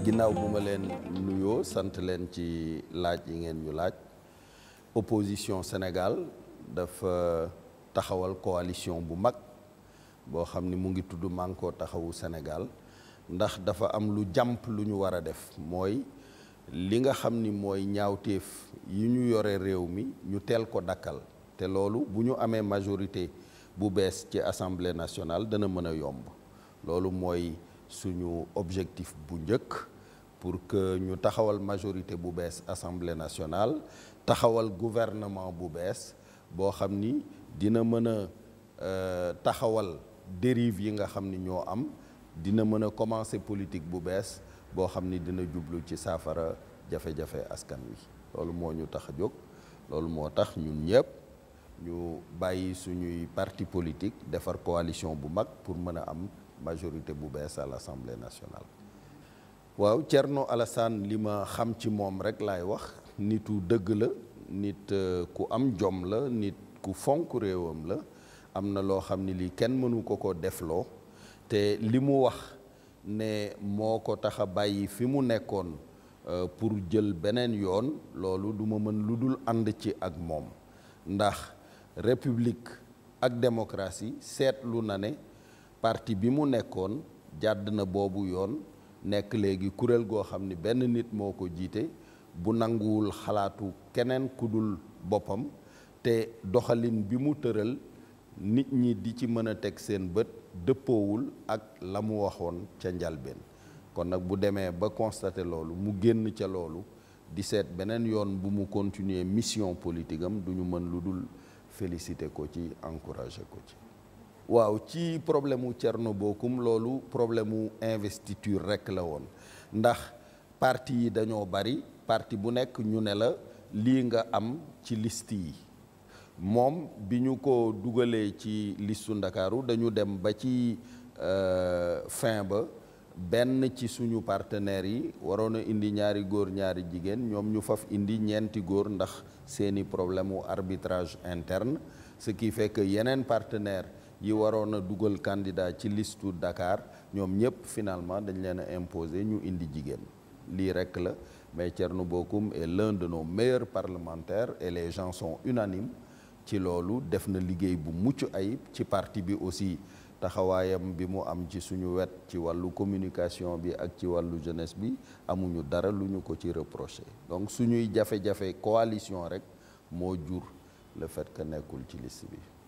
ginnaaw bu ma leen nuyoo sant leen ci laaj yi ngeen ñu laaj opposition senegaal dafa taxawal coalition bu mag boo xam ni mu ngi tudd Mànkoo Taxawu senegaal ndax dafa am lu jàmp lu ñu war a def mooy li nga xam ni mooy ñaawteef yi ñu yore réew mi ñu teel ko dakkal te loolu bu ñu amee majorité bu bees ci assemblée nationale dana mën a yomb loolu mooy suñu objectif bu njëkk pour que ñu taxawal majorité bu bees assemblée nationale taxawal gouvernement bu bees boo xam ni dina mën a euh, taxawal dérive yi nga xam ni ñoo am dina mën a commencer politique bu bees boo xam ni dina jublu ci saafara jafe-jafe askan wi loolu mo ñu tax a jóg loolu moo tax ñun ñëpp ñu bàyyi suñuy parti politique defar coalition bu mag pour mën am majorité bu bees à l'Assemblée nationale waaw Thierno Alassane li xam ci rek laay wax nitu degle la nit euh, ku am jom la nit ku fonk réewam la am na loo li ni lii kenn mënu ko ko te li wax ne moo ko tax a bàyyi fi mu nekkoon euh, pour jël beneen yoon loolu duma mën lu dul ànd ci ak moom ndax république ak démocratie seetlu na ne parti bi mu nekkoon jàdd na boobu yoon nekk léegi kuréel goo xam ni benn nit moo ko jiite bu nanguwul xalaatu keneen ku dul boppam te doxalin bi mu tëral nit ñi di ci mën a teg seen bët dëppoowul ak la mu waxoon ca njalbeen kon nag bu demee ba constaté loolu mu génn ca loolu di seet beneen yoon bu mu continuer mission politique am du mën lu dul félicité ko ci encouragé ko ci waaw ci problème wu Thierno loolu problème wu investiture rek la woon ndax parti yi dañoo bari parti bu nekk ñu ne la lii nga am ci list yi mom bi Dougalé ko dugalee ci listu Ndakaaru dañu dem ba ci euh, fin ba ben ci suñu partenaire yi warona indi ñaari góor ñaari jigen ñom ñu faf indi ñenti góor ndax seeni problème arbitrage interne ce qui fait que yenen partenaire yi warona a candidat ci listu Dakar ñom ñëpp finalement dañ leena imposer ñu indi jigen, li rek la mais Thierno est l'un de nos meilleurs parlementaires et les gens sont unanimes ci loolu def na liggéey bu mucc ayib ci parti bi aussi taxawaayam bi mu am ci suñu wet ci wàllu communication bi ak ci wàllu jeunesse bi amuñu dara lu ñu ko ci reproché donc suñuy jafe-jafe coalition rek moo jur le fait que nekkul ci liste bi